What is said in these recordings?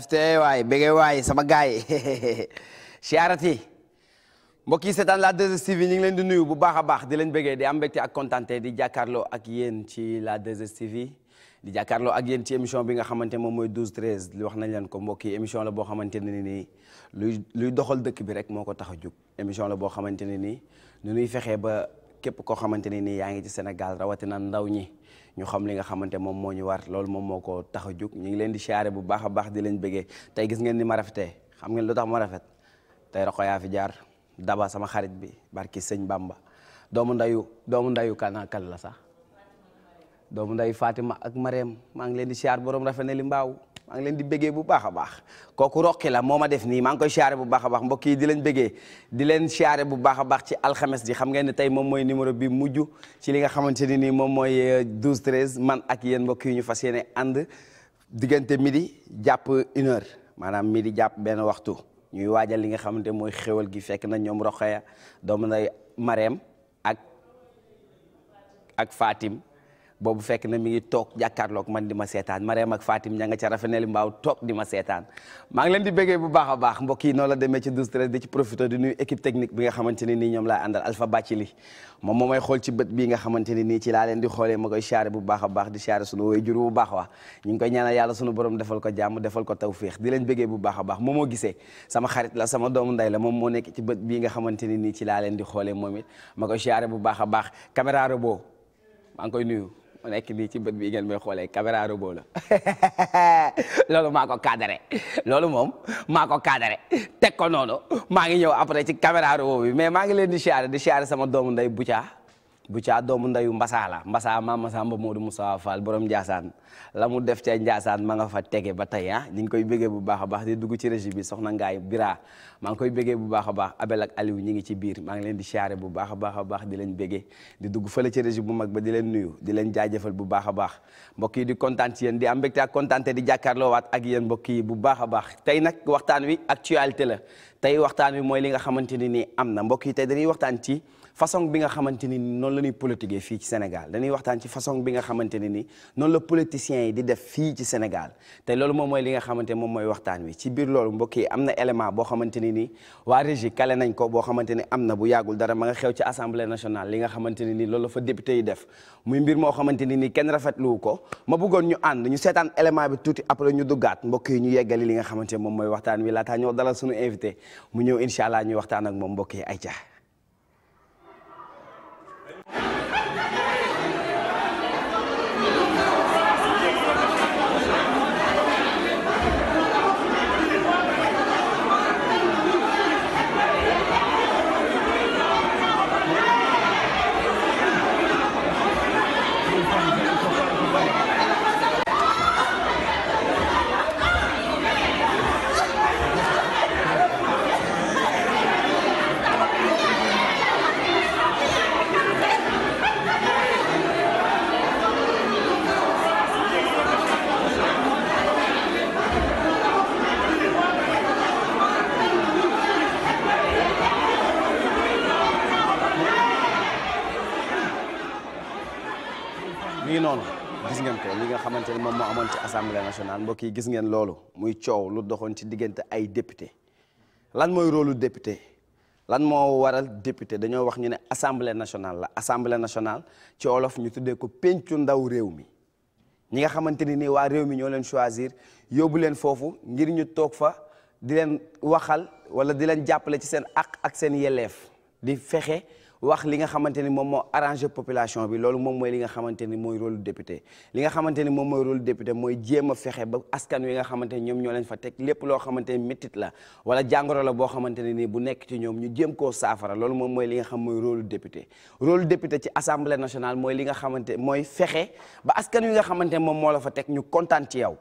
AFT waay bége waay sama gaay siyaarati mbokk yi seetaan la 2STV ñu ngi leen di nuyu bu baax a baax di leen bégee di am mbégte ak kontaante di jàkkaarloo ak yéen ci la 2STV di jàkkaarloo ak yéen ci émission bi nga xamante moom mooy 12 13 li wax nañ leen ko mbokk yi émission la boo xamante ne nii luy luy doxal dëkk bi rek moo ko tax a jóg émission la boo xamante ne nii nu nuy fexee ba képp koo xamante ne nii yaa ngi ci Sénégal rawatina ndaw ñi ñu xam li nga xamante moom moo ñu war lool moom moo ko tax a jug ñu ngi leen di siyaare bu baax a baax di leen begee te gis ngeen ni ma rafetee xam ngeen lu tax ma rafet te rako yaa fi jaar daba sama xarit bi barki sëñ Bamba doomu ndayu doomu ndayu kana kal la sax doomu ndayu ma ak Marème maa ngi leen di siyaar borom rafet ne li mbaaw maa leen di béggee bu baax a baax kooku roqi la moo ma def nii maa ngi koy siyaare bu baax a baax mbokk yi di leen béggee di leen siyaare bu baax a baax ci alxames ji xam ngeen ne tey moom mooy numéro bi mujj ci li nga xamante ne nii moom mooy 12 euh, 13 man ak yéen mbokk yi ñu fas yéene ànd diggante midi jàpp une heure maanaam midi jàpp benn waxtu ñuy waajal li nga xamante mooy xéwal gi fekk na ñoom roqaya doomu nday Marème ak ak Fatim boobu fekk na mi ngi toog jàkkaarloog man di ma seetaan Marème ak Fatim ña nga ca Rafanel Mbaaw toog di ma seetaan maa ngi leen di béggee bu baax a baax mbokk yi noonu la demee ci 12 13 di ci profité di nuyu équipe technique bi nga xamante ne nii ñoom laa àndal Alpha Bacili moom moo may xool ci bët ne nii ci laa di xoolee ma koy siyaare bu baax a baax di siyaare sunu woy jur koy ñaanal yàlla sunu borom defal ko jàmm defal ko tawféex di leen béggee bu baax a moo gisee sama xarit la sama doomu nday la moom moo nekk ci bët bii nga xamante ne nii ci laa di xoolee moom ma koy siyaare bu baax a baax caméra robot maa ngi koy nuyu mu nekk nii ci bët bi ngeen may xoolee caméra robot la loolu maa ko loolu moom maa ko cadré teg ko noonu maa ngi ñëw après ci caméra robot bi mais maa ngi leen di siyaare di siyaare sama doomu nday Bucca bu caa doomu ndeyu mbasaa la mbasaa maam Masamba Modou Moussa Fall borom Ndiassane la mu def ca Ndiassane ma nga fa tege ba tey ah ñu ngi koy bëggee bu baax a baax di dugg ci régie bi soxna Ngaay Bira maa ngi koy bëggee bu baax a baax Abel ak Aliou ñi ngi ci biir maa ngi leen di siyaare bu baax a baax a baax di leen bëggee di dugg fële ci régie bu mag ba di leen nuyu di leen jaajëfal bu baax a baax mbokk yi di kontaan ci yéen di am mbégte ak kontaante di jàkkaarloowaat ak yéen mbokk yi bu baax a baax tey nag waxtaan wi actualité la tey waxtaan wi mooy li nga xamante ni am na mbokk yi tey dañuy waxtaan ci façon bi nga xamante ni noonu la ñuy politiquer fii ci Sénégal dañuy waxtaan ci façon bi nga ne ni noonu la politiciens yi di def fii ci Sénégal te loolu moom mooy li nga xamante moom mooy waxtaan wi ci biir loolu mbokk yi am na élément boo xamante ni ni waa régie kale ko boo xamante ni am na bu yàggul dara ma xew ci assemblée nationale li nga xamante ne ni loolu la fa député yi def muy mbir moo xamante ni ni kenn rafetlu ko ma bëggoon ñu ànd ñu seetaan élément bi tuuti après ñu duggaat mbokk yi ñu yeggali li nga xamante moom mooy waxtaan wi laataa ñoo dalal suñu invité mu ñëw incha allah ñu waxtaan ak moom mbokk yi ay Amen. assemblée nationale mbokk yi gis ngeen loolu muy coow lu doxoon ci diggante ay député lan mooy rôlu député lan moo waral député dañoo wax ñu ne assemblée nationale la assemblée nationale ci olof ñu tuddee ko pencu ndaw réew mi ñi nga xamante ni waa réew mi ñoo leen choisir yóbbu leen foofu ngir ñu toog fa di leen waxal wala di leen jàppale ci seen àq ak seen yelleef di fexe wax li nga xamante ni moom moo arrangé population bi loolu moom mooy li nga xamante ni mooy rôle député li nga xamante ni moom mooy rôle député mooy jéem a fexe ba nga xamante ni ñoom ñoo leen fa teg lépp loo xamante ni métit la wala jàngoro la boo xamante ne ni bu nekk ci ñoom ñu jëm koo saafara loolu moom mooy li nga xam mooy rôle député rôle député ci assemblée nationale mooy li nga xamante mooy fexe ba askan wi nga xamante moom moo la fa teg ñu kontaan ci yow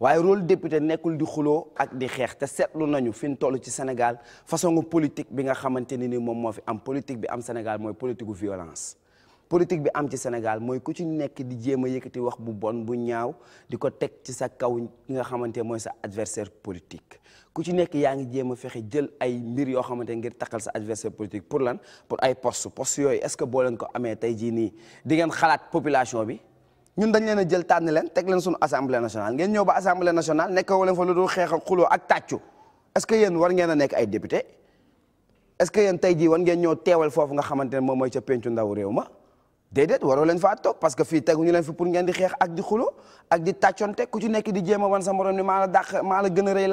waaye rôle député nekkul di xuloo ak di xeex te seetlu nañu fi ñu toll ci Sénégal façon politique bi nga xamante ne ni moom moo fi am politique bi am Sénégal mooy politique gu violence. politique bi am ci Sénégal mooy ku ci nekk di jéem a yëkkati wax bu bon bu ñaaw di ko teg ci sa kaw ki nga xamante mooy sa adversaire politique ku ci nekk yaa ngi jéem a fexe jël ay mbir yoo xamante ngir takkal sa adversaire politique pour lan pour ay poste poste yooyu est-ce que boo leen ko amee tey jii nii di xalaat population bi ñun dañ leen a jël tànn leen teg leen suñu assemblée nationale ngeen ñëw ba assemblée nationale nekkoo leen fa lu dul xeex xuloo ak tàccu est-ce que yéen war ngeen a nekk ay député est-ce que yéen tey jii war ngeen ñoo teewal foofu nga xamante ne moom mooy ca pencu ndaw réew ma déedéet waroo leen fa toog parce que fii teguñu leen fi pour ngeen di xeex ak di xulo ak di tàcconte ku ci nekk di jéem wan sa morom ni maa la dàq maa la gën a rëy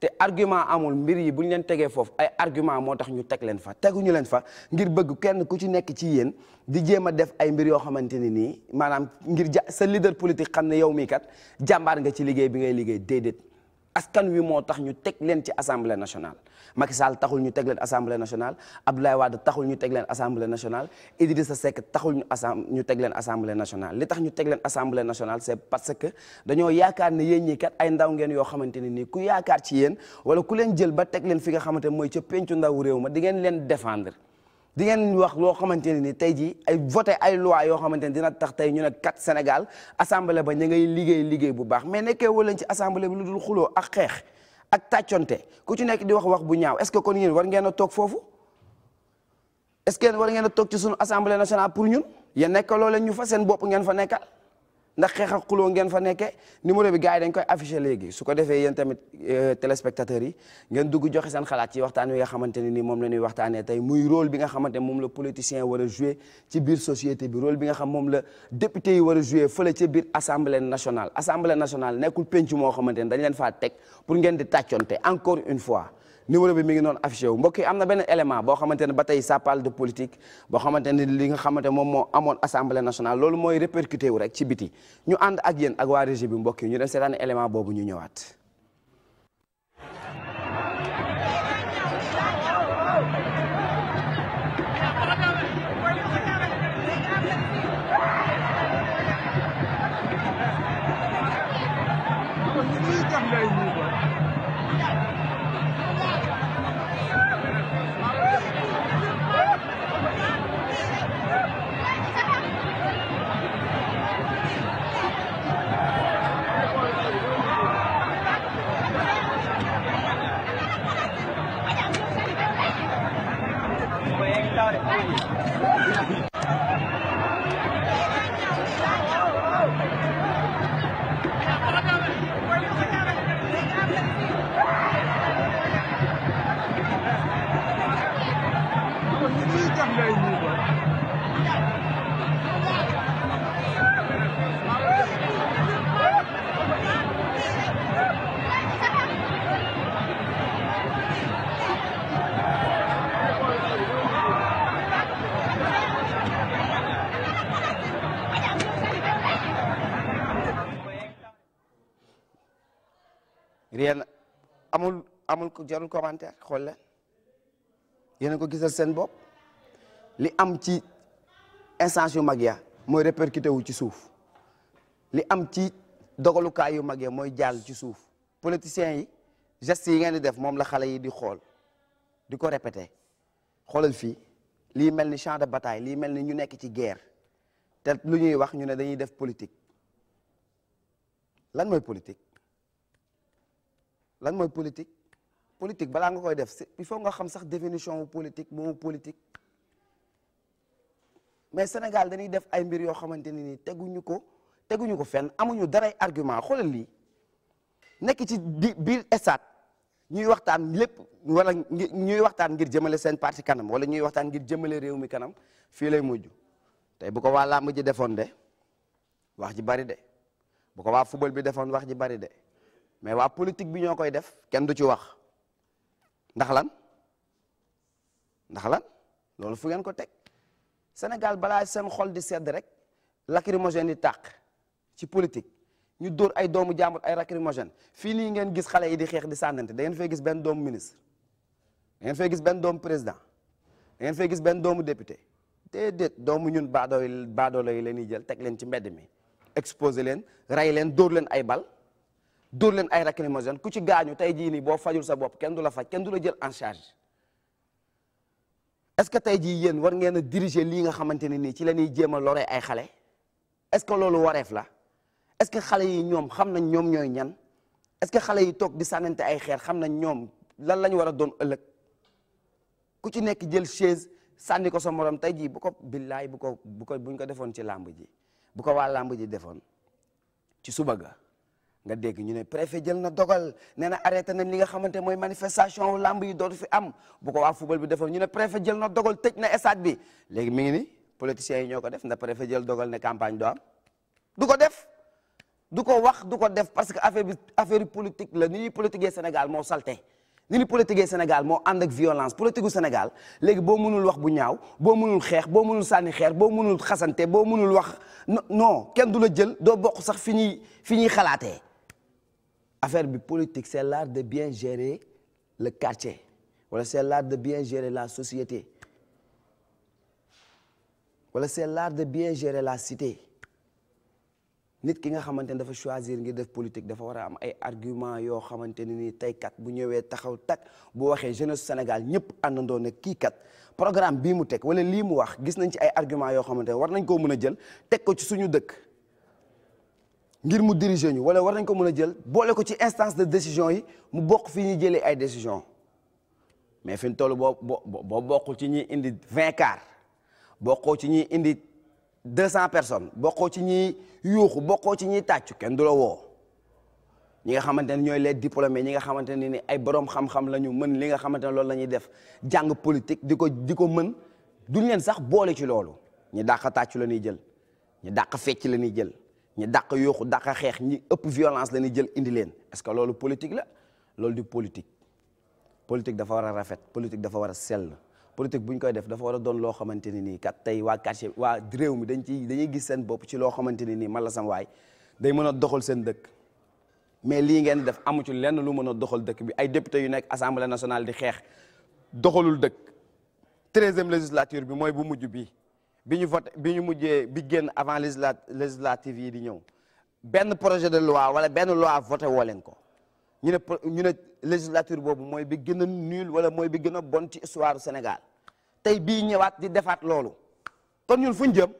te argument amul mbir yi bu ñu leen tegee foofu ay argument moo tax ñu teg leen fa teguñu leen fa ngir bëgg kenn ku ci nekk ci yéen di jéem a def ay mbir yoo xamante ne nii maanaam ngir ja sa leader politique xam ne yow mii kat jàmbaar nga ci liggéey bi ngay liggéey déedéet askan wi moo tax ñu teg leen ci assemblée nationale Macky Sall taxul ñu teg leen national nationale Abdoulaye Wade taxul leen assemblée nationale Idrissa Seck taxul ñu assem ñu teg leen assemblée nationale li tax ñu teg leen assemblée nationale c'est parce que dañoo yaakaar ne yéen ñi kat ay ndaw ngeen yoo xamante ne nii ku yaakaar ci yéen wala ku leen jël ba teg leen fi nga xamante mooy ca pencu ndaw réew ma di ngeen leen défendre di ngeen wax loo xamante ne ni tey jii ay voté ay luwa yoo xamante ne dina tax tey ñu ne kat Sénégal assemblée ba ña ngay liggéey liggéey bu baax mais nekkee woo leen ci dul xuloo ak ak tàcconte ku ci nekk di wax wax bu ñaaw est-ce que kon yéen war ngeen a toog foofu est-ce que war ngeen a toog ci sunu assemblée nationale pour ñun yéen nekk loo leen ñu fa seen bopp ngeen fa nekkal ndax xeex ak xuloo ngeen fa nekkee numéro bi gars yi dañ koy affiché léegi su ko defee yéen tamit euh, téléspectateurs yi ngeen dugg joxe seen xalaat ci waxtaan wi nga xamante ne ni moom la ñuy waxtaanee tey muy rôle bi nga xamante moom la politicien war a joué ci biir société bi role bi nga xam moom la député yi war a joué fële ci biir assemblée national assemblée nationale nekkul penc moo xamante ne dañ leen faa teg pour ngeen di tàccoonte encore une fois numéro bi mi ngi noonu affiché wu mbokk yi am na benn élément boo xamante ne ba tey ça parle de politique boo xamante ne li nga xamante moom moo amoon assemblée nationale loolu mooy répercuté wu rek ci biti ñu ànd ak yéen ak waa régie bi mbokk yi ñu dem seetaan élément boobu ñu ñëwaat. rien amul amul jarul commentaire xool leen yéen a ko gisal seen bopp li am ci instance yu mag ya mooy répercuté wu ci suuf li am ci dogalukaay yu mag ya mooy jàll ci suuf politiciens yi gestes yi ngeen di def moom la xale yi di xool di ko répété xoolal fii lii mel ni champ de bataille lii mel ni ñu nekk ci guerre te lu ñuy wax ñu ne dañuy def politique lan mooy politique lan mooy politique politique balaa nga koy def il faut nga xam sax définition wu politique moomu politique mais Sénégal dañuy def ay mbir yoo xamante ne nii teguñu ko teguñu ko fenn amuñu daray argument xoolal lii nekk ci biir État ñuy waxtaan lépp wala ñuy waxtaan ngir jëmale seen parti kanam wala ñuy waxtaan ngir jëmale réew mi kanam fii lay mujj tey bu ko waa làmb ji defoon de wax ji bari de bu ko waa football bi defoon wax ji bari de. mais waa politique bi ñoo koy def kenn du ci wax ndax lan ndax lan loolu fu ngeen ko teg Sénégal balaa seen xol di sedd rek mosen yi tàq ci politique ñu dóor ay doomu jàmbur ay lacrymogène fii nii ngeen gis xale yi di xeex di sànnante da ngeen fay gis benn doomu ministre da ngeen fay gis benn doomu président da ngeen gis benn doomu député déedéet doomu ñun baadoo baadoola yi la ñuy jël teg leen ci mbedd mi exposé leen rey leen dóor leen ay bal dóor leen ay lacrymogène ku ci gaañu tey jii nii boo fajul sa bopp kenn du la faj kenn du la jël en charge est-ce que tey jii yéen war ngeen a diriger lii nga xamante ne nii ci la ñuy jéem a loree ay xale est-ce que loolu wareef la est-ce que xale yi ñoom xam nañ ñoom ñooy ñan est-ce que xale yi toog di sànnante ay xeer xam nañ ñoom lan lañ war a doon ëllëg ku ci nekk jël chaise sànni ko sa morom tey jii bu ko billaay bu ko bu ko buñ ko defoon ci làmb ji bu ko waa làmb ji defoon ci suba ga nga dégg ñu ne préfet jël na dogal nee na arrêté nañ li nga xamante mooy manifestation lamb yi dootu fi am bu ko waa football bi defoon ñu ne préfet jël na dogal tëj na stade bi léegi mi ngi ni politiciens yi ñoo ko def na préfet jël dogal ne campagne do am ko def du ko wax du ko def parce que affaire bi affaire politique la ni ñuy politiquer Sénégal moo salté ni ñuy politiquer Sénégal moo ànd ak violence politique gu Sénégal léegi boo mënul wax bu ñaaw boo mënul xeex boo mënul sànni xeer boo mënul xasante boo mënul wax non kenn du la jël doo bokk sax fi ñuy fi ñuy xalaatee affaire bi politique c'est l'art de bien gérer le quartier wala c'est l'art de bien gérer la société wala c'est l'art de bien gérer la cité nit ki nga xamante ne dafa choisir ngir def politique dafa war a am ay argument yoo xamante ni tey kat bu ñëwee taxaw tak bu waxee jeunesse Sénégal ñëpp àndandoo na kii kat programme bii mu teg wala lii mu wax gis nañ ci ay argument yoo xamante ne war nañ koo mën a jël teg ko ci suñu dëkk ngir mu diriger ñu wala war nañ ko mën a jël boole ko ci instance de décision yi mu bokk fii ñuy jëlee ay décision mais fi mu toll boo boo bokkul ci ñuy indi vingt cars bokkoo ci ñuy indi deux cent personnes bokkoo ci ñuy yuuxu bokkoo ci ñuy tàccu kenn du woo ñi nga xamante ne ñooy les diplômés ñi nga xamante ne ni ay borom xam-xam la ñu mën li nga xamante ne loolu la ñuy def jàng politique di ko di ko mën duñ leen sax boole ci loolu ñu dàq tàccu la ñuy jël ñu dàq fecc la ñuy jël. ñi dàq yooxu dàq xeex ñi ëpp violence la jël indi leen est que loolu politique la loolu di politique politique dafa war a rafet politique dafa war a sell politique bu ñu koy def dafa war a doon loo xamante ne nii kat tey waa quartier waa réew mi dañ ci dañuy gis seen bopp ci loo xamante ne nii man la sam waay day mën a doxal seen dëkk mais lii ngeen def amu ci lenn lu mën a doxal dëkk bi ay député yu nekk assemblée nationale di xeex doxalul dëkk treizième législature bi mooy bu mujj bii bi ñu voté bi ñu mujjee bi génn avant législa législative yi di ñëw benn projet de loi wala benn loi voté woo leen ko ñu ne ñu ne législature boobu mooy bi gën a nul wala mooy bi gën a bon ci histoire Sénégal tey bii ñëwaat di defaat loolu kon ñun fu ñu jëm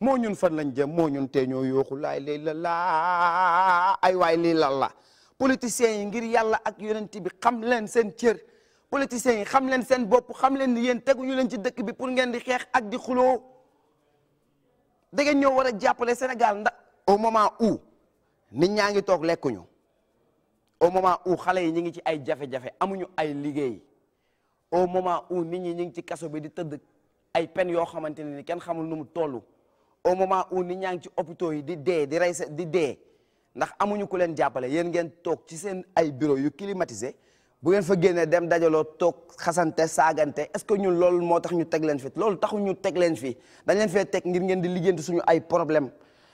moo ñun fan lañ jëm moo ñun tee ñoo yooxu laay lay la laa ay waay lii la la politiciens yi ngir yàlla ak yonent bi xam leen seen cër politiciens yi xam leen seen bopp xam leen ni yéen teguñu leen ci dëkk bi pour ngeen di xeex ak di xuloo da ngeen ñoo war a jàppale Sénégal ndax au moment où nit ñaa ngi toog lekkuñu au moment où xale yi ñu ngi ci ay jafe-jafe amuñu ay liggéey au moment où nit ñi ñu ngi ci kaso bi di tëdd ay peine yoo xamante ne ni kenn xamul nu mu toll au moment où nit ñaa ngi ci hôpitaux yi di dee di rey di dee ndax amuñu ku leen jàppale yéen ngeen toog ci seen ay bureau yu climatisé bu ngeen fa génnee dem dajaloo toog xasante saagante est-ce que ñun loolu moo tax ñu teg leen fi loolu taxu ñu teg leen fi dañ fee teg ngir ngeen di lijjanti suñu ay problème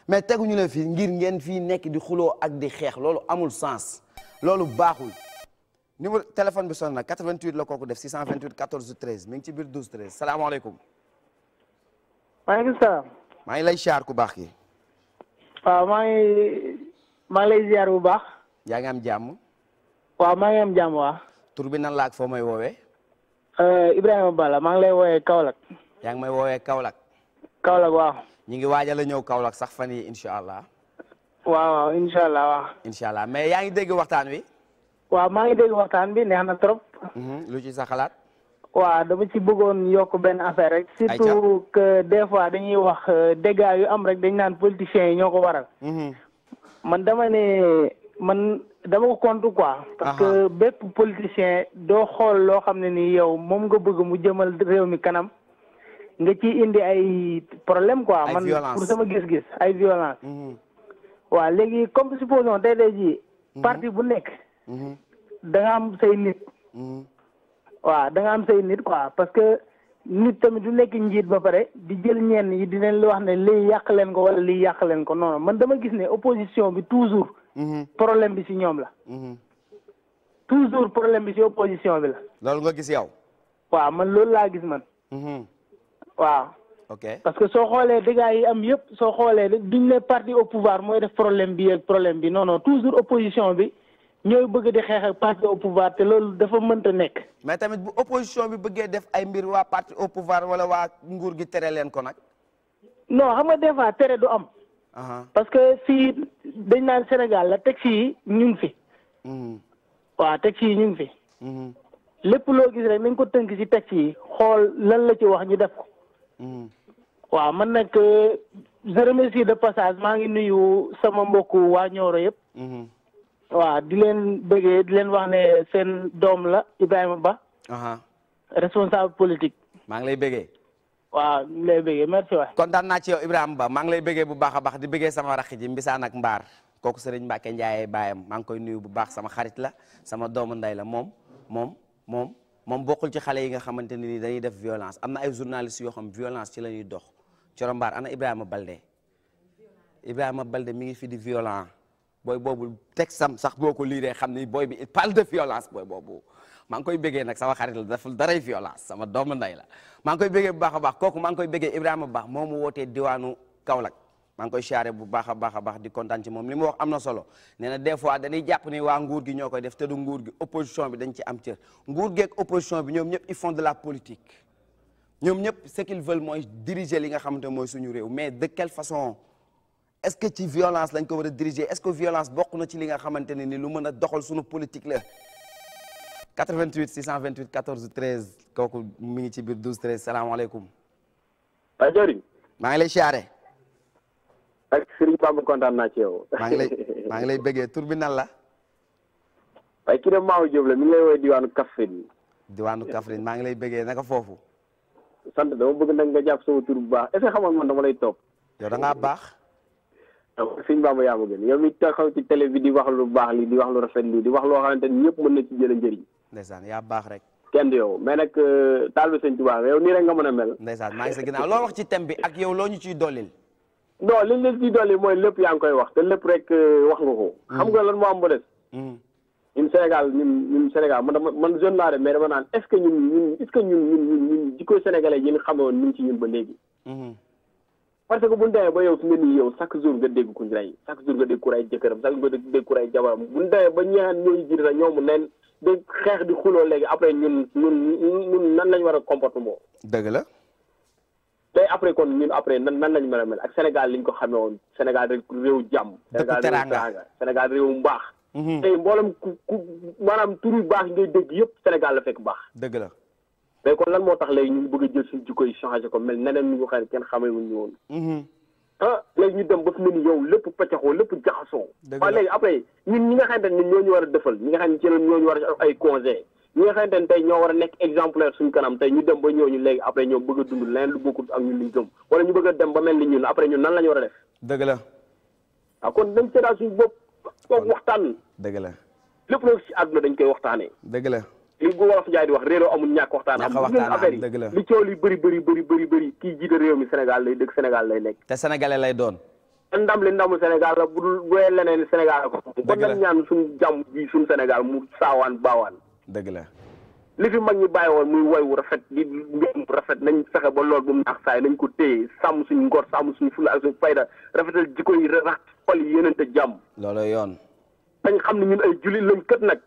mais teguñu leen fi ngir ngeen fii nekk di xuloo ak di xeex loolu amul sens loolu baaxul numéro téléphone bi sonn na 88 la kooku def 628 14 13 mi ngi ci biir 12 13 salaamaaleykum. maaleykum salaam. maa ngi lay siyaar ku baax ki waaw maa ngi lay ziar bu baax. yaa ngi waaw maa ngi am waa. tur bi nan la ak foo may woowee. Euh, Ibrahima Balla maa ngi lay woowee Kaolack. yaa ngi may woowee Kaolack. Kaolack waaw. ñu ngi waajal a ñëw Kaolack sax fan yii incha allah. waaw waaw incha allah waaw. incha allah mais yaa ngi dégg waxtaan wi. waaw maa ngi dégg waxtaan bi neex na trop. Mhm, lu ci sa xalaat. waaw dama ci bëggoon yokk benn affaire rek. surtout que des fois dañuy wax euh, dégâts yu am rek dañ naan politiciens yi ñoo ko waral. Mhm. man dama man dama ko contre quoi. parce que bépp politicien doo xool loo xam ne ni yow moom nga bëgg mu jëmal réew mi kanam nga ci indi ay problème quoi. man pour sama gis-gis ay violence mhm. waa léegi comme supposons tey tey jii. Mhm. parti bu nekk. Mhm. danga am say nit. waa da am say nit quoi parce que nit tamit du nekk njiit ba pare di jël ñenn yi di leen wax ne lii yàq leen ko wala lii yàq leen ko noonu man dama gis ne opposition bi toujours. Mhm. problème bi si ñoom la. Mhm. toujours problème bi si opposition bi la. loolu nga gis yow. waaw man loolu laa gis man. Mhm. waaw. ok parce que soo xoolee dégâts yi am yëpp soo xoolee duñ ne parti au pouvoir mooy def problème bi ak problème bi non toujours opposition bi ñooy bëgg di xeexal ak parti au pouvoir te loolu dafa mënta nekk. mais tamit bu opposition bi bëggee def ay mbir waa parti au pouvoir wala waa nguur gi tere leen ko nag. non xam nga des tere du Uh-huh. parce que fii dañ naan Sénégal la taxi yi ñu fi. Mm-hmm. waa taxi yi ñu ngi fi. Mm-hmm. lépp loo gis rek nañ ko tënk ci taxi yi xool lan la ci wax ñu def ko. Mm-hmm. waaw man nag euh, je remercie de passage maa ngi nuyu sama mbokku waa Nioro yëpp. waaw di leen bëggee di leen wax ne seen doom la Ibrahima Ba. Uh-huh. responsable politique. maa ngi lay bëggee. waaw ñu lay bëggee merci waay. kontaan naa ci yow Ibrahima Ba maa ngi lay bëggee bu baax a baax di bëggee sama rakk ji Mbisaan ak Mbaar kooku Serigne Mbacke Ndiaye baayam maa ngi koy nuyu bu baax sama xarit la sama doomu nday la moom moom moom bokkul ci xale yi nga xamante ne ni dañuy def violence am na ay journalistes yoo xam violence ci la ñuy dox Coro Mbaar ana Ibrahima Balde Ibrahima Balde mi ngi fi di violent booy boobu teg sam sax boo ko liiree xam ni booy bi il de violence booy boobu. maa ngi koy béggee nag sama xarit la deful daray violence sama doomu nday la maa ngi koy béggee bu baax a baax kooku maa ngi koy a Ibrahima Ba moo mu wootee diwaanu Kaolack maa ngi koy siyaare bu baax a baax a baax di kontaan moom li mu wax am na solo nee na des fois dañuy jàpp ni waa ngur gi ñoo koy def te du nguur gi opposition bi dañ ci am cër nguur geeg opposition bi ñoom ñëpp ils font la politique ñoom ñëpp ce qu'ils veulent mooy diriger li nga xamante mooy suñu réew mais de quelle façon est-ce que ci ko war a diriger est-ce na ci li nga xamante ne ni lu mën a doxal suñu politique la vingt 628 14 13 kooku mi ngi ci biir 12 13 salaamaaleykum. waa maa ngi lay siyaare. ak Serigne Bamba kontaan naa ci yow. maa ngi lay maa ngi lay bëggee tur bi la. waaye kii de Maaou Diop la mi ngi lay woowee diwaanu Kaffrine. diwaanu Kaffrine maa ngi lay bëggee naka foofu. sant dama bëgg nag nga jàpp sama tur bu baax est-ce que man dama lay topp. yow da baax. Serigne Bamba yaa ma gën yow mi taxaw ci télé bi di wax lu baax li di wax lu rafet li di wax loo xamante ñëpp na ci jëlee ndeysaan yaa baax rek. kenn du yow mais nag euh, taal bi sëñ Tuubaa yow nii rek nga mën a mel. ndeysaan maa ngi sa ginnaaw loo wax ci thème bi ak yow loo ñu ciy dollil. non liñ la ciy dolli mooy lépp yaa ngi koy wax te lépp rek euh, wax nga ko. Mm. xam nga lan moo am ba des. Mm. ñun Sénégal ñun ñun Sénégal man dama man jeune laa de mais dama naan est ce que ñun ñun est ce que ñun ñun ñun ñun jikko ñu ci ñun ba léegi. Mm-hmm. parce que bu ñu ba yow fi nga nii yow chaque jour nga dégg ku ñu rey chaque jour nga dégg ku rey jëkkëram chaque jour nga dégg ku rey jabaram bu ñu demee ba ñaan ñooñu jiite sax ñoomu neen di xeex di xuloo léegi après ñun ñun ñun nan lañ war a comportement dëgg la tey après kon ñun après nan nan lañ mën a mel ak Sénégal liñ ko xamee woon Sénégal rek réew jàmm Sénégal réew mu baax réew mbaax mhm. tey ku ku maanaam turu baax ngay dégg yëpp Sénégal la fekk baax dëgg la mais kon lan moo tax léegi ñu bëgg a jël suñu jikko yi changé ko mel neneen ñu xam kenn xamee wuñ ñu woon mhm. ah, léegi ñu dem ba fi mu ne yow lépp paccaxoo lépp jaxasoo waaw léegi après ñun ñi nga xamante ne ñoo ñu war a defal ñi nga xam ne ci ñoo ñu war a ay conseil ñi ne tey ñoo war a nekk exemplaire suñu kanam tey ñu dem ba ñooñu léegi après ñoom bëgg a dund leneen lu bokkul ak ñun liñ gëm wala ñu bëgg a dem ba mel ni ñun après ñun nan la ñu war a def dëgg la waaw ah, kon dañ seedaa suñu bopp waxtaan dëgg la lépp loo si àdduna dañ koy waxtaanee dëgg la li gu wolof Njaay di wax réeroo amul ñàkk waxtaan am waxtaan affaire yi li coow li bëri bëri bëri bëri bëri kii jiite réew mi Sénégal lay dëkk Sénégal lay nekk te sénégalais lay doon ndam li ndamu Sénégal la bu dul bu leneen Sénégal ko kon nag ñaan suñu jàmm bi suñu Sénégal mu saawaan baawaan dëgg la li fi mag ñi bàyyi woon muy woy wu rafet di ngëm rafet nañ fexe ba lool bu mu naax saay nañ ko téye sàmm suñu ngor sàmm suñu fulla ak suñu fayda rafetal jikko yi rax xol yi yéenante jàmm loolu yoon dañ xam ne ñun ay jullit lañ kët nag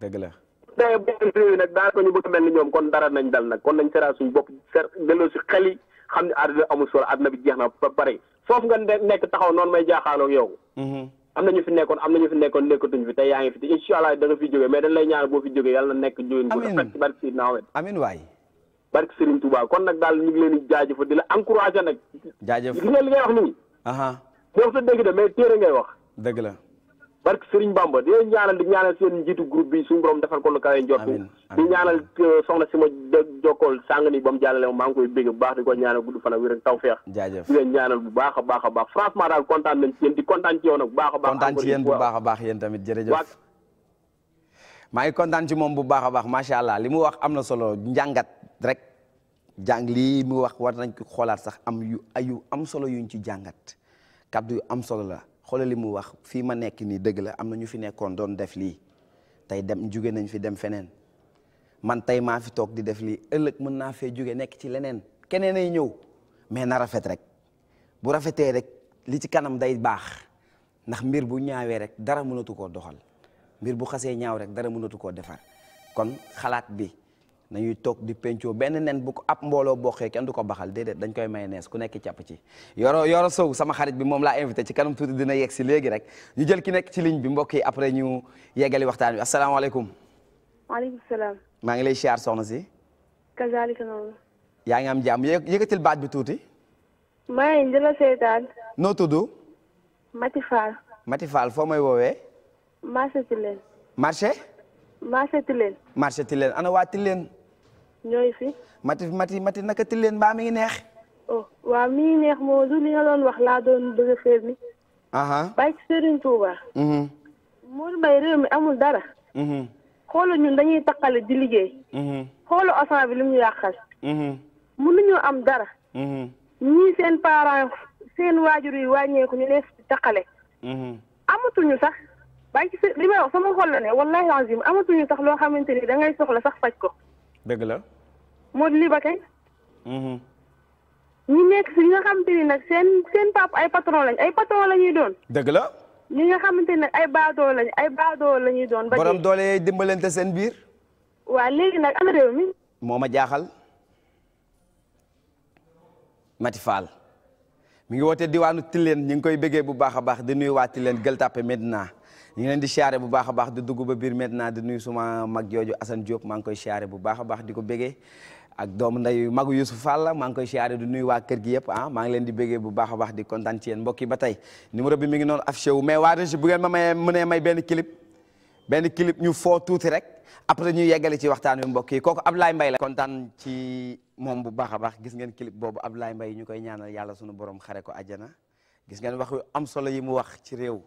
dëgg la tey beneen réew yi nag daanaka ñu bëgg a mel ni ñoom kon dara nañ dal nag kon nañ seeraat suñu bopp ser delloo si xel yi xam ne àdduna amul solo àdduna bi jeex na ba pare foofu nga nekk taxaw noonu may jaaxaaloo ak yow. Mhm. am na ñu fi nekkoon am na ñu fi nekkoon nekkatuñ fi tey yaa ngi fi te incha allah da nga fi jógee mais dañ lay ñaan boo fi jógee yàlla na nekk. amiin bu rafet ci barke Seydina Ahmed. amiin waay. barke Serigne Touba kon nag daal ñu ngi leen di jaajëfal di la encouragé nag. jaajëf li nga li ngay wax nii. boo ko dégg de mais téere ngay wax. dëgg la barke Serigne Bamba di leen ñaanal di ñaanal seen njiitu groupe bi suñu borom defal ko lu kawe njort di ñaanal euh, soxna si ma jokkool sàng ni ba mu jàllale ma maa ngi koy bégg bu baax di ko ñaanal gudd fan ak wér ak tawfeex di a a baax franchement daal kontaan nañ di kontaan ci yow nag bu baax a baax kontaan ci yéen bu a maa ngi kontaan ci moom bu baax a baax macha allah li mu wax am na solo njàngat rek jàng lii mu wax war nañ ko xoolaat sax am yu ayu am solo yuñ ci jàngat kaddu yu am solo la xoolal li mu wax fii ma nekk nii dëgg la am na ñu fi nekkoon doon def lii tey dem jóge nañ fi dem feneen man tey maa fi toog di def lii ëllëg mën naa fee jóge nekk ci leneen keneen ay ñëw mais na rafet rek bu rafetee rek li ci kanam day baax ndax mbir bu ñaawee rek dara mënatu koo doxal mbir bu xasee ñaaw rek dara mënatu koo defar kon xalaat bi nañuy toog di pencoo benn nen bu ko mbooloo bokkee kenn du ko baxal déedéet dañ koy may nees ku nekki càpp ci yoro yoro sow sama xarit bi moom laa invité ci kanam tuuti dina yegg si léegi rek ñu jël ki nekk ci ligne bi mbokk yi après ñu yeggali waxtaan bi asalaamaaleykum maaleykum salaam maa ngi lay siyaar soxna si kazalika noonu yaa ngi am jàmm yëkkatil baat bi tuuti may di seetaan noo tudd Mati Fall Mati Fall foo may woowee marché Tilène marché marché Tilène ana ñooy fi. mati mati mati naka til leen mbaa mi ngi neex. oh waaw mi ngi neex moo du li wax laa doon bëgg a feer ni. bàyyi ci Serigne Touba. Mhm. Mor Mbaye réew mi amul dara. Mhm. xoolal ñun dañuy taqale di liggéey. Mhm. xoolal osan bi li mu yàqal. mënuñoo am dara. ñii seen parents seen waajur yi wàññeeku ñu leen di taqale. amatuñu sax bàyyi ci li may wax sama xol la ne wallaahi azim amatuñu sax loo xamante ni da ngay soxla sax faj ko. dëgg la. Modou Li ba kañ. Mhm. ñi nekk si ñi nga xamante ni nag seen seen pap ay patron lañ ay patron la ñuy doon. dëgg la. ñi nga xamante ne ay baadoo lañ ay baadoo la ñuy doon. ba borom doole yay dimbalante seen biir. waa léegi nag am réew mi. moo ma jaaxal. Mati Fall mi ngi woote diwaanu Tilène ñu ngi koy bëggee bu baax a baax di nuyu waa Tilène Gueule Tapée Médina. ñu leen di siyaare bu baax a baax di dugg ba biir maintenant di nuyu suma mag jooju Assane Diop maa koy siyaare bu baax a baax di ko bégee ak doomu nday magu Youssouf Fall maa ngi koy siyaare di nuyu waa kër gi yëpp ah maa ngi leen di bégee bu baax a baax di kontaan ci yéen mbokk yi ba tey numéro bi mi ngi noonu affiché wu mais waa régie bu ngeen ma may mënee may benn clip benn clip ñu foo tuuti rek après ñu yeggale ci waxtaan wi mbokk yi kooku Ablaye Mbaye la kontaan ci moom bu baax a baax gis ngeen clip boobu Ablaye Mbaye ñu koy ñaana yàlla sunu borom xare ko àjjana gis ngeen wax am solo yi mu wax ci réew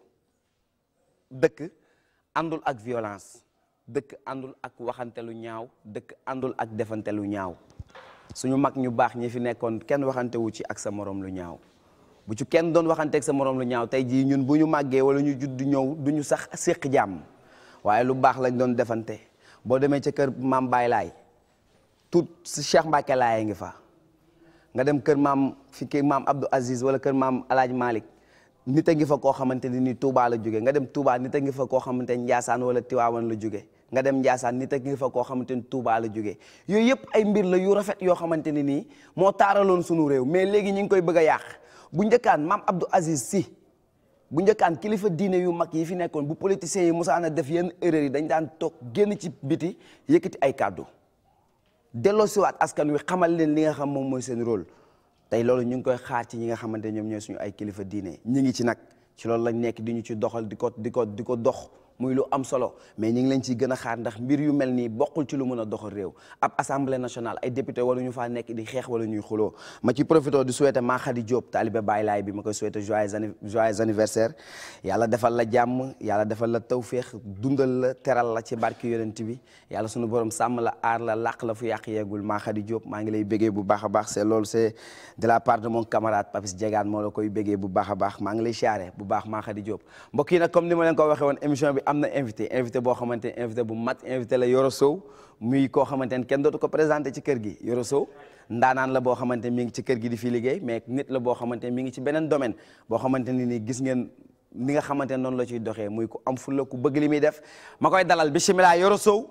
dëkk àndul ak violence dëkk àndul ak waxante lu ñaaw dëkk àndul ak defante lu ñaaw suñu mag ñu baax ñi fi nekkoon kenn waxante wu ci ak sa moroom lu ñaaw bu ci kenn doon waxante ak sa moroom lu ñaaw tey jii ñun bu ñu màggee wala ñu judd ñëw du ñu sax séq jàmm waaye lu baax lañ doon defante boo demee ca kër maam Baay Laay tout si Cheikh Mbacke Laay ngi fa nga dem kër maam fi maam Abdou Aziz wala kër maam Alaaj malik nit a ngi fa koo xamante ni nii Touba la jóge nga dem Touba nit a ngi fa koo xamante ni Ndiassane wala Tiwaawan la jóge nga dem Ndiassane nit a ngi fa koo xamante ni Touba la jóge yooyu yëpp ay mbir la yu rafet yoo xamante ni nii moo taaraloon sunu réew mais léegi ñu ngi koy bëgg a yàq bu njëkkaan maam Abdou Aziz Sy bu njëkkaan kilifa diine yu mag yi fi nekkoon bu politiciens yi musaana def yenn erreur yi dañ daan toog génn ci biti yëkkati ay kàddu delloo siwaat askan wi xamal leen li nga xam moom mooy seen rôle tey loolu ñu ngi koy xaar ci ñi nga xamante ñoom ñoo suñu ay kilifa diine ñi ngi ci nag ci loolu lañ nekk di ñu ci doxal di ko di ko di ko dox muy lu am solo mais ñu ngi leen ciy gën a xaar ndax mbir yu mel nii bokkul ci lu mën a doxal réew ab assemblée nationale ay député waruñu faa nekk di xeex wala ñuy xuloo ma ci profité di souhaité maa Khady Diop taalibe Baay Laay bi ma koy souhaité joyeux anniversaire yàlla defal la jàmm yàlla defal la tawféex dundal la teral la ci barki yonent bi yàlla sunu borom sàmm la aar la làq la fu yàq yeegul maa Khady Diop maa ngi lay béggee bu baax a baax se loolu se de la part de mon camarade Papis Diegane moo koy béggee bu baax baax maa ngi lay siyaare bu baax maa Khady Diop am na invité invité boo xamante invité bu mat invité la Yoro Sow muy koo xamante ne kenn dootu ko présenté ci kër gi Yoro Sow ndaanaan la boo xamante mi ngi ci kër gi di fi liggéey mais nit la boo xamante mi ngi ci beneen domaine boo xamante ni nii gis ngeen ni nga xamante ne noonu la ciy doxee muy ku am la ku bëgg li muy def ma koy dalal bisimilah Yoro Sow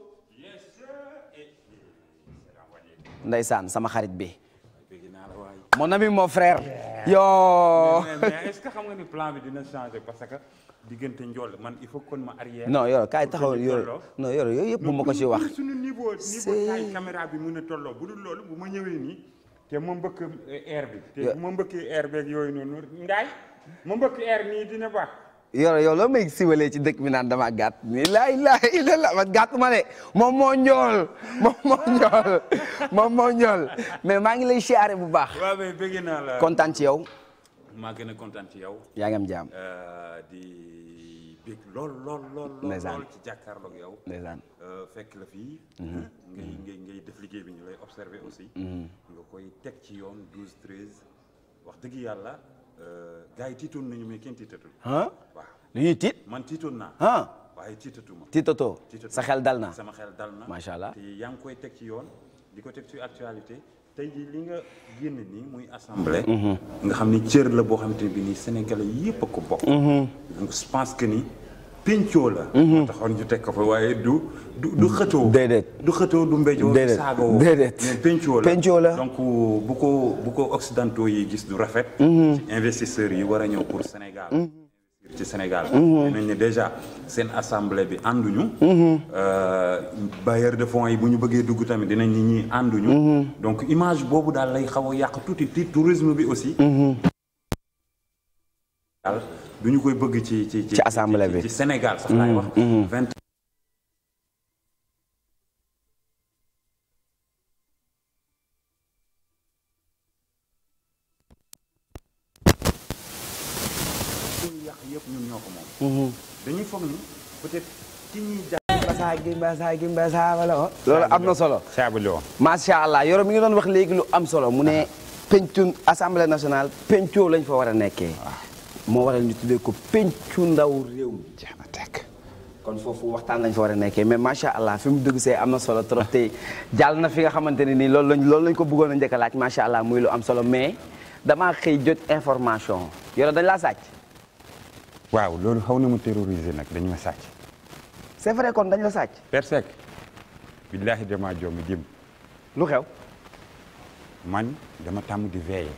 ndeysaan sama xarit bi mon ami mon frère. yo que. diggante njool man il faut kon ma arrière. non yor kaay taxawal yor non yor yooyu yëpp bu ma ko ci wax. suñu niveau niveau taay caméra bi mën a tolloo bu dul loolu bu ma ñëwee nii. te ma mbëkk air bi. te bu ma mbëkkee air beeg yooyu noonu ngaay ma mbëkk air nii dina baax. yor yow loo may siwalee ci dëkk bi naan dama gàtt nii laa ilaaha illallaah man gàtt ma ne moom moo njool moom moo njool moom moo njool mais maa ngi lay siyaare bu baax. waaw mais bëgg naa la kontaan ci yow. maa gën a kontaan ci yow. yaa ngam jaam jàmm. Euh, di bég lool lool lool. lool ci jàkkaarloog yow. ndeysaan euh, fekk la fii. Mhm. ngay ngay ngay def liggéey bi ñu lay observé aussi. Mhm. nga koy teg ci yoon douze wax dëgg yàlla euh, gars yi tiitoon nañu mais kenn tiitatul. ah lu ñuy tiit man tiitoon na ah waaye tiitatuma. tiitatoo sa xel dal na. sama xel dal na macha allah. te yaa ngi koy teg ci yoon di ko teg ci actualité. tey jii li nga génn nii muy assemblée. Mhm. nga xam ni cër la boo xamante ne bi nii Sénégalais yëpp a ko bokk. Mhm. donc je pense que ni pencoo la. Mhm. moo taxoon ñu teg ko fa waaye du du du xëtoo. déedéet du xëtoo du mbéjoo. déedéet déedéet mais pencoo la donc bu ko bu ko occidentaux yi gis du rafet. investisseur yi war a ñëw pour Sénégal. ci Sénégal. nañ mhm. ne déjà seen assemblée bi ànduñu. Mhm. Euh, bailleur de fonds yi bu ñu bëggee dugg tamit dinañ ni ñii ànduñu. Mhm. donc image boobu daal lay xaw a yàq tuuti ci tourisme bi aussi. daal du koy bëgg ci ci ci. ci assemblée bi ci Sénégal sax laay wax. loolu am na solo. macha allah yoro mi ngi doon wax léegi lu am solo mu ne. pencum assemblée nationale pencoo lañ fa war a nekkee. Ah. moo waral ñu de ko pencu ndaw réew mi. kon foofu waxtaan lañ fa war nekkee mais macha allah fi mu dugg see am na solo trop tey jàll na fi nga xamante ne nii loolu lañ loolu lañ ko bëggoon a njëkk a laaj macha allah muy lu am solo mais damaa xëy jot information yoro dañ la sàcc. waaw loolu xaw na mu terroriser nag dañ ma sàcc. c'est vrai kon dañ la sàcc. per sec. billaahi damaa jommi jëm. lu xew. man dama tàmm di veiller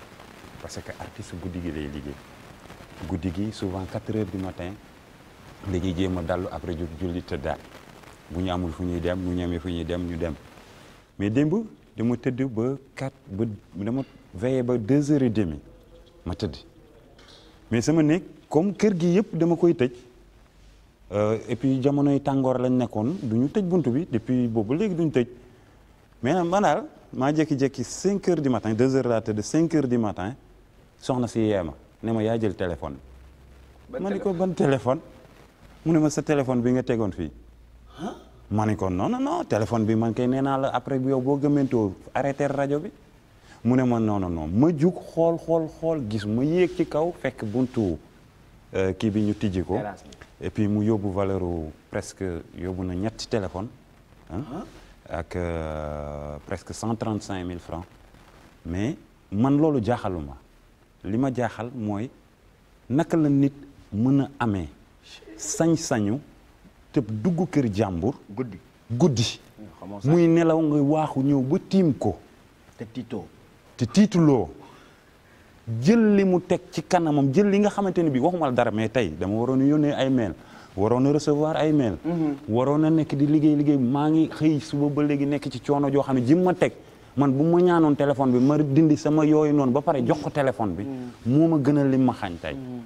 parce que artiste guddi gi lay liggéey guddi gi souvent 4 heures du matin la ñuy ma dallu après jur julli tëddaat bu ñu amul fu ñuy dem mu ñamee fu ñuy dem ñu dem mais démb dama tëdd ba 4 ba dama veiller ba 2 heures demi demie ma tëdd mais sama néeg comme kër gi yëpp dama koy tëj. Euh, et puis jamonoy tàngoor lañ nekkoon du ñu tëj bunt bi depuis boobu léegi duñu ñu tëj mais nag man maa jékki-jékki 5 heures du matin 2 heures laa tëdd 5 heures du matin soxna si yee ma ne ma yaa jël téléphone. ma ni ko ban téléphone mu ne ma sa téléphone bi nga tegoon fii. ma ni ko non non non téléphone bi man nee naa la après yow boo gëmmentoo arrêté rajo bi. mu ne ma non non ma jug xool xool xool gis ma yéeg ci kaw fekk buntu euh, kii bi ñu tijji ko. et puis mu yóbbu valeur presque yóbbu na ñetti téléphone ah. ak euh, presque cent trente cinq mille francs mais man loolu jaaxalu ma li ma jaaxal mooy naka la nit mën a amee sañ-sañu te dugg kër jàmbur guddi guddi muy nelaw nga waaxu ñëw ba tiim ko te tiitoo te tiituloo jël li mu teg ci kanamam jël li nga xamante ni bii waxuma la dara mais tey dama waroon a yónnee ay mel waroon a recevoir ay mail mhm. waroon a nekk di liggéey liggéey maa ngi xëy suba ba léegi nekk ci coono joo xam ne jim ma teg man bu ma ñaanoon téléphone bi ma dindi sama yooyu noonu ba pare jox ko téléphone bi mhm. moo ma gën a lim ma xañ tey mhm.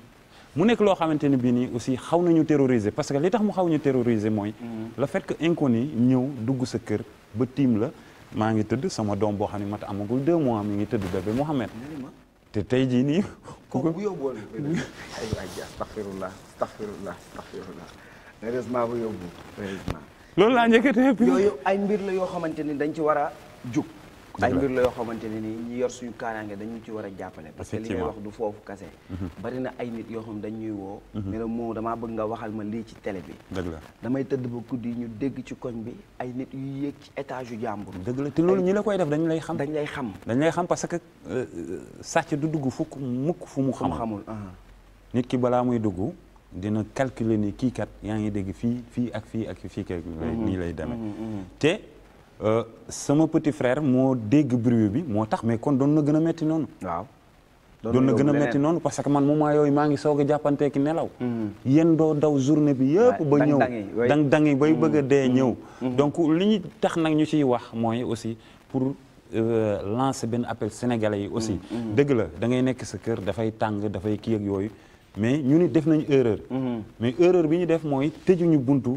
mu nekk loo xamante ni bii nii aussi xaw nañu terroriser parce que li tax mu xaw ñu terroriser mooy le fait que inconnu ñëw dugg sa kër ba tiim la maa ngi tëdd sama doom boo xam ne mat amagul deux mois mi ngi tëdd bébé Mohamed te tey jii nii. kooku bu yóbbuwoon aywa ji astaghfirullah astaghfirullah astaghfirullah heureusement laa njëkk ay mbir la yoo xamante ni dañ ci war a jug. ay mbir yoo xamante ne nii ñu yor suñu kaaraange dañu ci war a jàppale parce que li ngay wax du foofu kase mhm. bari na ay nit yoo xam dañ ñuy woo mhm. moo damaa bëgg nga waxal ma lii ci télé bi dëgg la damay tëdd ba guddi ñu dégg ci koñ bi ay nit yu yéeg ci étage yu jàmbur dëgg la te loolu ñi la koy def dañ lay xam dañ lay xam dañ xam parce que euh, euh, sàcc du dugg fukk mukk fu mu xam-xamul uh-huh. nit ki balaa muy dugg dina calculer ni kii kat yaa ngi dégg fii fii ak fii ak fii kay nii lay mm-hmm. demee mm-hmm. te Euh, sama petit frère moo dégg bruit bi moo tax mais kon doon na gën a metti noonu. waaw doon na gën a metti noonu parce que man moment yooyu maa ngi soog a jàppanteeki nelaw. Mm-hmm. yéen doo daw journée bi yëpp. ba ñëw dang dangi bay bëgg a dee mm-hmm. ñëw. Mm-hmm. donc li ñu tax nag ñu ciy wax mooy aussi pour. Euh, lancer benn appel sénégalais yi aussi dëgg la da ngay nekk sa kër dafay tàng dafay kii ak yooyu mais ñu ni def nañ erreur mais erreur bi ñu def mooy tëjuñu buntu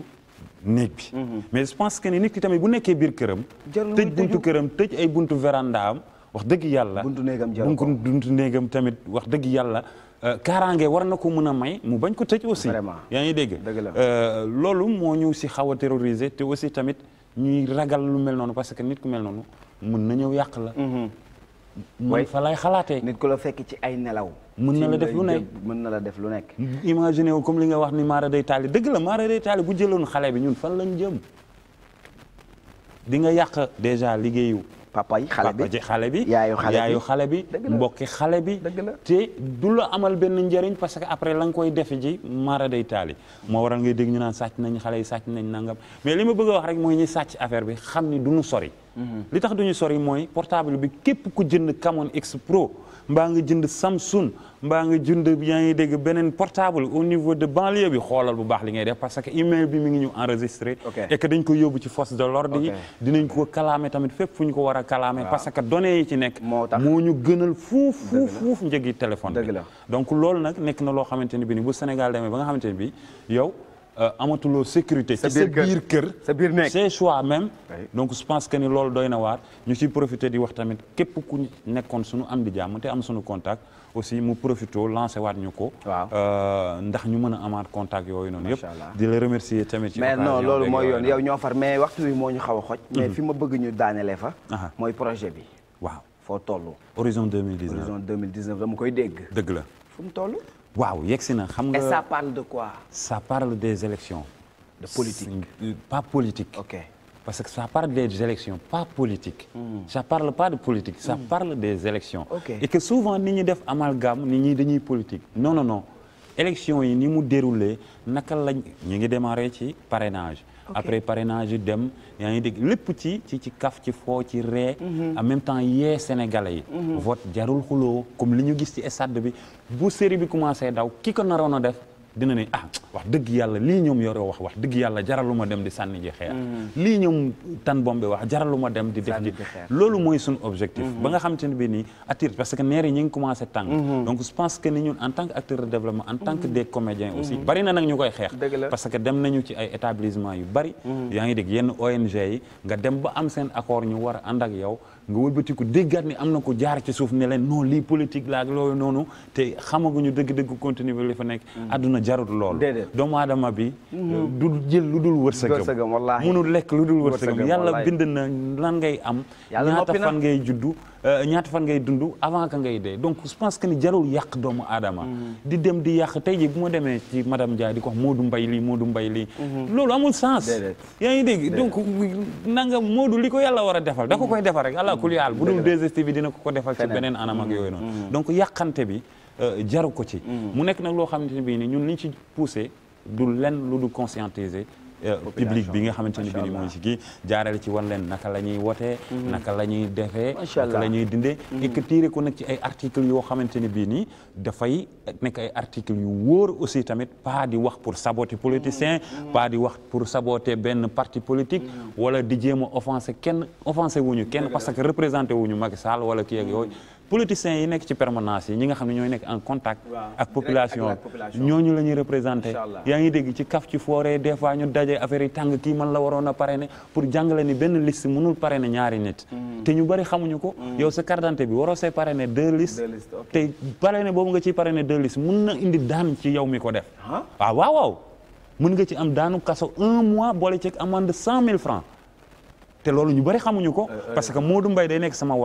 néeg bi. Mhm. mais je pense que ni nit ki tamit bu nekkee biir këram. tëj buntu këram tëj ay buntu véranda am wax dëgg yàlla. buntu néegam jarul ko buntu néegam tamit wax dëgg yàlla. Euh, kaaraange war na ko mën a may mu bañ ko tëj aussi. vraiment yaa ngi dégg. Euh, loolu moo ñëw si xaw a terroriser te aussi tamit ñuy ragal lu mel noonu parce que nit ku mel noonu mën na ñëw yàq la. Mhm. mooy fa lay xalaatee. nit ku la fekk ci ay nelaw. mën na la def lu nekk mën mm-hmm. na la def lu nekk. imaginer wu comme li nga wax ni Mara day taali dëgg la Mara taali bu jëloon xale bi ñun fan lañ jëm. di nga yàq déjà liggéeyu. papa yi xale bi papa ji xale bi. yaayu xale bi yaayu xale mbokki xale bi. dëgg la te du la amal benn njëriñ parce que après la nga koy defe ji Mara day taali. moo waral ngay dégg ñu naan sàcc nañ xale yi sàcc nañ nangam mais li ma bëgg a wax rek mooy ñi sàcc affaire bi xam ni du ñu sori. Mm-hmm. li tax du ñu sori mooy portable bi képp ku jënd Camon X Pro. mbaa nga jënd Samsung mbaa nga jënd yaa ngi dégg beneen portable au niveau de banlieue bi xoolal bu baax li ngay def parce que email bi mu ngi ñu enregistré et dañ ko yóbbu ci force de l'ordre yi dinañ ko kalaame tamit fépp fu ñu ko war a kalaame parce que données yi ci nekk moo ñu gënal fuuf fuuf fuuf njëgi téléphone bi donc loolu nag nekk na loo xamante ni bi ni bu Sénégal demee ba nga xamante ni bi yow Euh, amatuloo sécurité. ci sa biir kër sa biir nekk ses même. donc je pense que ni loolu doy na waar. ñu ciy profité di wax tamit képp ku nekkoon suñu am di jàmm te am suñu contact. aussi mu profité lancé waat ñu ko. waaw euh, ndax ñu mën a amaat contact yooyu noonu yëpp. di la remercier tamit. ci mais non loolu mooy yoon yow ñoo far mais waxtu wi moo ñu xaw a xoj. Mhm. mais fi ma bëgg ñu daanelee fa. mooy projet bi. waaw foo toll. horizon 2019 horizon 2019 dama koy dégg. dëgg la fu mu toll. waaw yegsi na xam nga. et ça parle de quoi. ça parle des élections. de politique pas politique. ok parce que ça parle des élections pas politique. Mm. ça parle pas de politique. ça hmm. parle des élections. Okay. que souvent nit ñi def amalgame nit ñi dañuy politique. non non non élections yi ni mu déroulé naka lañ ñu ngi démarré ci parrainage. après parrainage yu dem yaa ngi dégg lépp ci ci ci kaf ci foo ci ree mhm. en même temps yee sénégalais yi mhm. vote jarul xuloo comme li ñu gis ci stade bi bu série bi commencé daw ki ko naroon a def dina ne ah wax dëgg yàlla lii ñoom yoroo wax wax dëgg yàlla jaralu ma dem di sànni ji xeer mm-hmm. lii ñoom tan bombe wax jaralu ma dem di def ji loolu mooy suñu objectif mm-hmm. ba nga xam te ne bi nii attire parce que neer yi ñu ngi commencé tàng mm-hmm. donc je pense que ni ñun en tant que acteur de développement en tant que des comédiens aussi bari na nag ñu koy xeex parce que dem nañu ci ay établissement yu bari yaa ngi dégg yenn ONG yi nga dem ba am seen accord ñu war a ànd yow nga ku déggaat ni am na ko jaar ci suuf ne leen non lii politique laa ak noonu te xamaguñu dëgg-dëgg continue bi li fa nekk. Mm. àdduna jarut lool. doomu aadama bi. Mm-hmm. Euh, du jël lu dul wërsëgam. wallaahi munul lekk lu dul wërsëgam. yàlla bind na lan ngay am. ñaata fan ngay juddu. Euh, ñaata fan ngay dund avant que ngay dee donc je que ni jarul yàq doomu aadama. Mm-hmm. di dem di yàq tey jii ma demee ci madame Dia di ko moo Moodu Mbay lii Moodu Mbay lii. Mm-hmm. loolu amul sens. yaa ngi dégg donc nanga Moodu li ko yàlla war a defal da ko koy mm-hmm. defal rek allah kulli bu dul 2STV bi dina ko ko defal ci beneen anam ak yooyu noonu. donc yàqante bi euh, jaru ko ci. mu nekk nag loo xamante ne bii nii ñun liñ ci poussé du lenn lu du conscientiser. Eh, public bi nga xamante ni mooy si kii jaarale ci wan leen naka la ñuy wotee mm-hmm. naka la ñuy defee naka la ñuy dindee mm-hmm. et tiire ko nag ci ay articles yoo xamante ne bii nii dafay nekk ay articles yu wóor aussi tamit pas di wax pour saboter politicien mm-hmm. pas di wax pour saboter benn parti politique wala di jéem a offensé kenn offensé wuñu kenn parce que représenté wuñu Macky Sall wala kii ak yooyu politiciens yi nekk ci permanence yi ñi nga xam ne ñooy nekk en contact ak population ñooñu la ñuy représenté yaa ngi dégg ci kaf ci foore des fois ñu daje affaire yi tàng kii man la waroon a parrainer pour jàngale ni benn liste mënul parrainer ñaari nit mm. te ñu bari xamuñu ko mm. yow sa carte d'identité bi waroo see parrainer deux listes te parrainer boobu nga ciy parrainer deux listes mun na indi daan ci yow mi ko def ah? Ah, waaw waaw mun nga ci am daanu kaso un mois boole ci amende cent mille francs te loolu ñu bari xamuñu ko euh, euh. parce que Modou Mbaye day nekk sama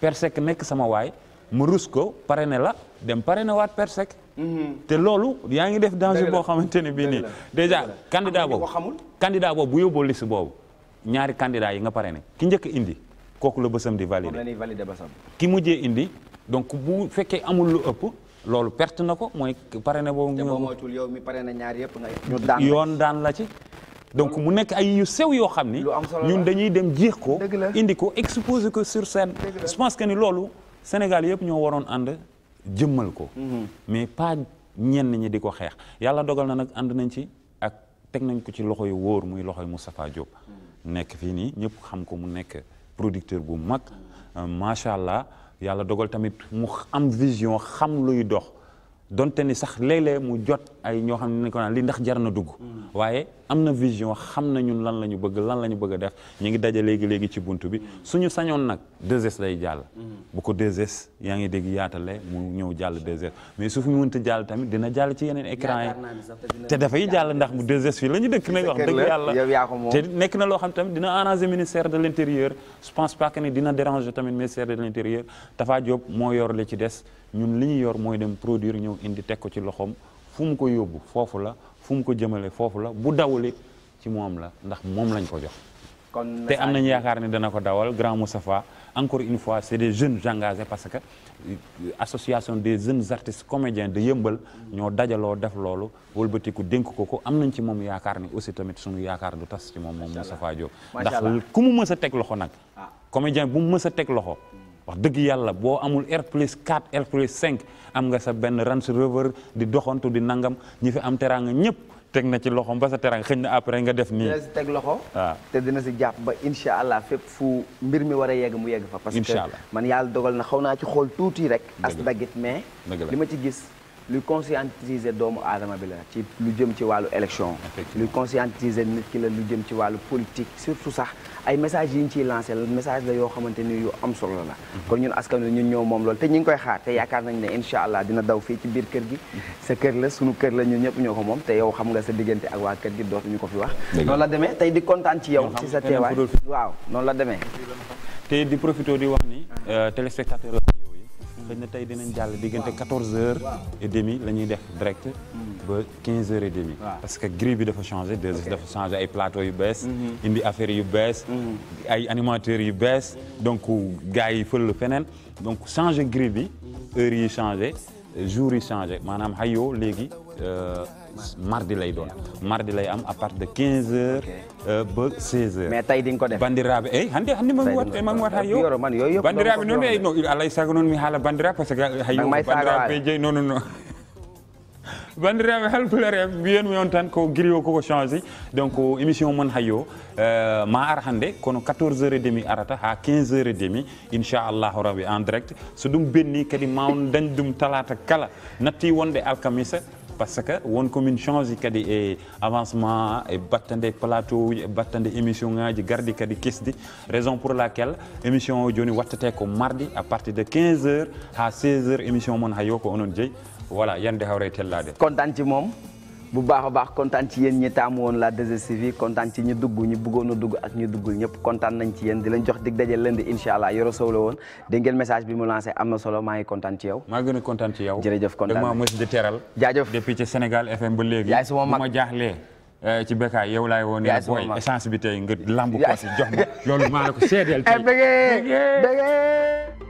persek nekk sama waay ma rus ko pare parrainé la dem parrainé waat persek mhm. te loolu yaa ngi def danger boo xamante ne bii nii déjà candidat boobu candidat boobu bu yóbboo liste boobu ñaari candidat yi nga ne ki njëkk indi kooku la bësam di valider ki mujjee indi donc bu fekkee amul lu ëpp loolu perte na ko mooy pare parrainé boobu. te boo yow mi parrainé ñaar yëpp nga. ñu daan yoon daan la ci. donc mu nekk ay yu sew yoo xam ni ñun dañuy dem jeex ko indi ko exposer ko sur scène je pense que ni loolu Sénégal yëpp ñoo waroon ànd jëmmal ko mhm. mais pas ñenn ñi di ko xeex yàlla dogal na nag ànd nañ ci ak teg nañ ko ci loxo yu wóor muy loxo yu Moustapha Diop mhm. nekk fii nii ñëpp xam ko mu nekk producteur bu mag mhm. euh, macha allah yàlla dogal tamit mu am vision xam luy dox donte ni sax léeg-léeg mu jot ay ñoo xam ne ko naan li ndax jar na dugg mm. waaye am na vision xam na ñun lan la ñu bëgg lan la ñu bëgg def ñu ngi daje léegi léegi ci bunt bi mm. suñu sañoon nag 2S lay jàll mm. bu ko 2S yaa ngi dégg yaatale mu ñëw jàll 2S mais su mu mënta jàll tamit dina jàll ci yeneen écran yi te dafay jàll ndax mu 2S fii la ñu dëkk nag wax nekk na loo xam tamit dina arranger ministère de l'intérieur je pense pas que ni dina déranger tamit ministère de l'intérieur moo yor li ci des ñun li ñu yor mooy dem produire ñëw indi teg ko ci loxoom fu mu ko yóbbu foofu la fu mu ko jëmale foofu la bu dawulit ci moom la ndax moom lañ ko jox. kon te am nañ yaakaar ne dana ko dawal grand Moustapha encore une fois c' est jeunes engagés parce que euh, association des jeunes artistes comédiens de yëmbal. ñoo dajaloo def loolu wëlbatiku dénk ko ko am nañ ci moom yaakaar ni aussi tamit suñu yaakaar du tas ci moom moom Moustapha Diop. ndax ku mu mës a teg loxo nag. Ah. comédien bu mu mës a teg loxo. wax dëgg yàlla boo amul R plus 4 cinq am nga sa benn Range Rover di doxantu di nangam ñi fi am teraanga ñëpp teg na ci loxoom ba sa teraanga xëñ na après nga def nii. dina si teg loxo. Ah. te dina si jàpp ba incha allah fépp fu mbir mi war a yegg mu yegg fa. parce que man yàlla dogal na xaw naa ci xool tuuti rek. as dagit mais. li ma ci gis. luy conscientiser doomu aadama bi la ci lu jëm ci wàllu élection. luy conscientiser nit ki la lu jëm ci wàllu politique surtout sax. ay message yi ñu ciy lancé message la yoo xamante ni yu am solo la kon ñun askan wi ñun ñëw moom loolu te ñu ngi koy xaar te yaakaar nañ ne incha allah dina daw fii ci biir kër gi sa kër la sunu kër la ñu ñëpp ñoo ko moom te yow xam nga sa diggante ak waa kër gi dootuñu ko fi wax noonu la demee tey di kontaan ci yow ci sa teewaay waaw noonu la demee te di profité di wax ni euh, téléspectateur xëy na tey dinañ jàll diggante quatorze heures et demi la ñuy def direct ba quinze heures et demi parce que grille bi dafa changé deux dafa changé ay plateau yu bees mhm. indi affaires yu bees mhm. ay animateurs yu bees donc gars yi fël feneen donc changé grille bi heures yi changé jours yi changé maanaam xayoo léegi euh, mardi lay doon mardi lay am à de 15 heures euh, ba heures mais tay di nga ko def bandiraɓe eyi alay saago noon mi haala bandiraɓe par ce que hayo bandiraɓe jeyi non non non bandiraɓe halpulare mbiyenmi on tan ko giri o koko changé donc émission moon hayyo euh, ma ara hannde kono 14 heures et demi arata ha heures et demi inchallahu rabi en direct so benni kadi ma dañ ɗum talata kala natti wonde alkamisa parce que won komin change kadi e avancement e battande plateau uji e battande émission ngaji gardi kadi kesdi raison pour laquelle émission o joni wattate ko mardi à partir de 15 heures ha 16 heures émission moon hayo ko onon jeeyi voilà yande hawre e tellade kontanci moom bu baax a baax kontaan ci yéen ñi taamu woon la 2STV kontaan ci ñu dugg ñu bëggoon a dugg ak ñu duggul ñëpp kontaan nañ ci yéen di lañ jox dig daje lundi incha allah Yoro Sow la woon dégg ngeen message bi mu lancé am na solo maa ngi maa gën a kontaan ci yow jërëjëf kontaan depuis ci Sénégal FM ba léegi yaay suma eh, ci békaay yow laay woo ne loolu maa la ko seedeel eh,